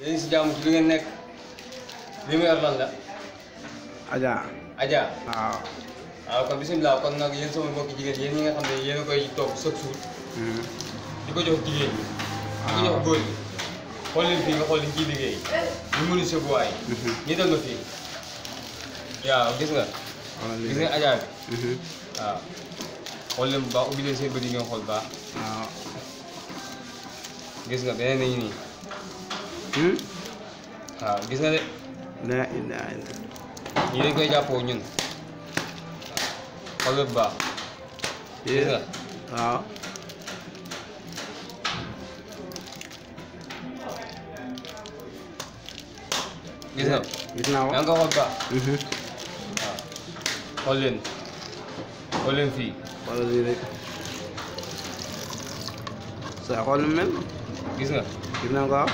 yéen si jàmm ci li ngeen nekk li mu yor lan la. waaw. waaw kon bisimilah kon nag yéen sama mbokki jigéen yéen ñi nga xam ne yéen koy toog chaque jour. Hmm. di ko jox jigéen ñi. waaw di ko ah. jox góor ñi. xool leen fii nga xool liñ ciy liggéey. Hmm. ñu mënul sa buwaay. Hmm. ñu dem na fii. waaw gis nga. gis nga Adja waaw xool leen bu baax ubbi leen seen bët yi ngeen xool baax. waaw. Ah. gis nga beneen nañu nii. waaw ah, gis nga de. la ilaha illa ñii dañ koy jàppoo ñun. xool bu baax. gis nga waaw. gis nga gis naa ko yaa ngi ko xool baax. Mhm. waaw xool leen xool leen fii. xoolal lii rek. sa xool nu mel. gis nga gis naa ko waaw.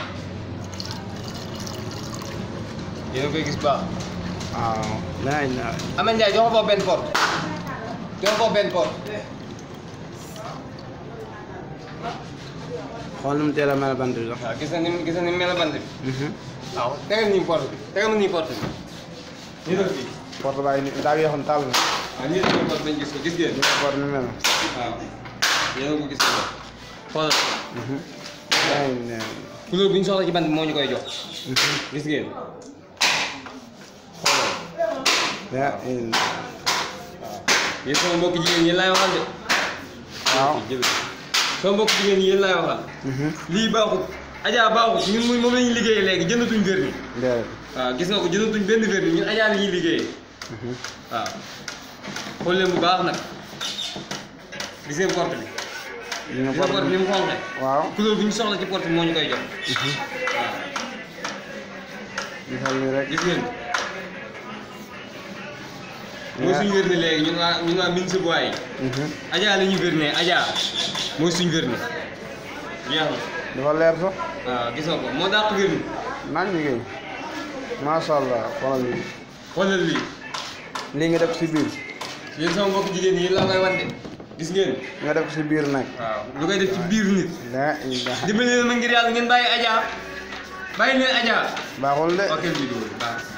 yéen ah, ah, a koy gis baax. waaw. naaj naaj. Amady Ndiaye jox ko foofu benn porte. jox ko foofu benn porte. xool nu mu teel a mel bant bi. waaw ni gis na ni mel bant bi. waaw tegal nii porte bi tegal ma nii porte bi. nii rek fii. porte baa ngi nii daa weexoon tàll na. waaw nii rek porte bañ gis ko gis ngeen. nii rek porte bi mel na. waaw yéen a ko gis ko. xoolal. couleur bi ñu soxla bi moo ñu koy jox. yaa indi waaw yéen sama jigéen ñi laay waxal de waaw sama mbokki jigéen ñi yéen laay mhm. lii baaxut ajaa baaxut ñun moom la ñuy liggéeyee léegi jëndatuñ verni waaw gis nga ko jëndatuñ benn verni ñun ajaa la ñuy liggéeyee mhm. waaw bu baax nag gis ngeen porte bi gis nga ni mu xonqee waaw couleur bi ñu soxla ci porte bi moo ñu koy jox mhm. waaw gisal ni mooy suñu wér-ne léegi ñun waa ñun waa Mine Seboa yi. Mhm. Adja la ñuy wér-ne Adja mooy suñ wér-ne. jeex na leer sax. waaw ah, gis nga ko moo dàq wér-ne. naan ñu ngi macha allah xoolal lii. xoolal lii. lii nga def si biir. yéen sama mbokk jigéen ñi laa koy wan de gis ngeen. nga def si biir nag. waaw lu def ci biir nit. daa indi. dimbali leen ma ngir yàlla ngeen bàyyi Adja bàyyi leen Adja. de.